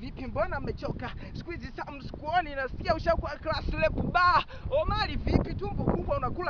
vipi? Mbona mmechoka siku hizi? Sam skuoni nasikia ushakuwa class rep ba Omari vipi, tumbo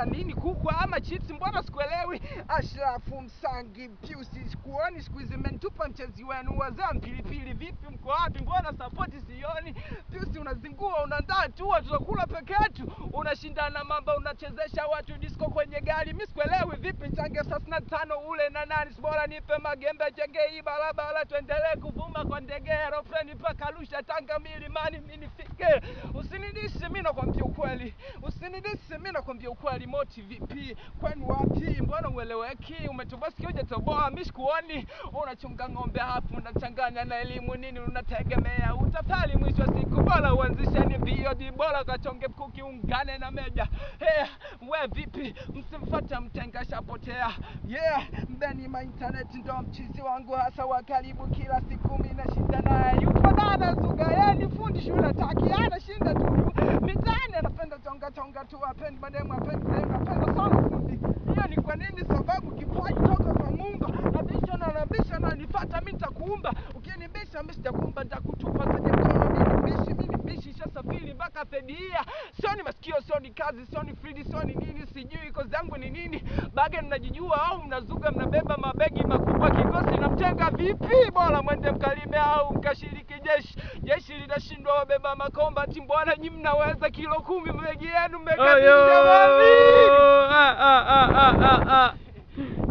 Mnakula nini? Kuku ama chips? Mbona sikuelewi? Ashrafu Msangi Piusi, sikuoni siku hizi, mmentupa mchezi wenu wazam. Pilipili vipi, mko wapi? Mbona sapoti sioni? Piusi unazingua, unandaa tu, tutakula peke yetu, unashindana mamba, unachezesha watu disco kwenye gari. Mimi sikuelewi, vipi mchange elfu thelathini na tano ule na nani? Bora nipe magembe, chenge hii barabara, tuendelee kuvuma kwa ndege aeroplane mpaka Arusha, Tanga, milimani, mimi nifike. Usinidisi, mimi nakwambia ukweli, usinidisi, mimi nakwambia ukweli. Timoti vipi? Kwani wapi? Mbona ueleweki? Umetoboa sikio hujatoboa, mimi sikuoni. Unachunga ng'ombe hapo unachanganya na elimu nini unategemea? utafali mwisho wa siku, bora uanzisheni VOD, bora ukachonge kuki ungane na meja. Hey, we vipi? Msimfuata mtenga shapotea. Yeah, mbeni ma internet ndo mchizi wangu hasa wa karibu, kila siku mimi nashinda naye. Yupo dada Zuga, yeye ni fundi shule takia hapendi, mademu hapendi, mademu napenda sana fundi. Hiyo ni kwa nini? Sababu kipaji toka kwa Mungu. Nabisha na nabisha na nifuata, mimi nitakuumba. Ukinibisha mimi sitakuumba, nitakutupa kwenye mkono. Mimi mbishi, mimi mbishi, shasafiri mpaka Sedia. Sio ni masikio, sio ni kazi, sio ni fridi, sio ni nini, sijui kozi yangu ni nini. Bage mnajijua au mnazuga, mnabeba mabegi makubwa, kikosi namtenga vipi? Bora mwende mkalime au mkashiriki jeshi jeshi mnashindwa wabeba makomba ati mbwana nyi mnaweza kilo kumi mbegi yenu mmekadiria wapi? Ah, ah, ah,